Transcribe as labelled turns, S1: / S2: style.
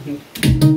S1: Mm-hmm.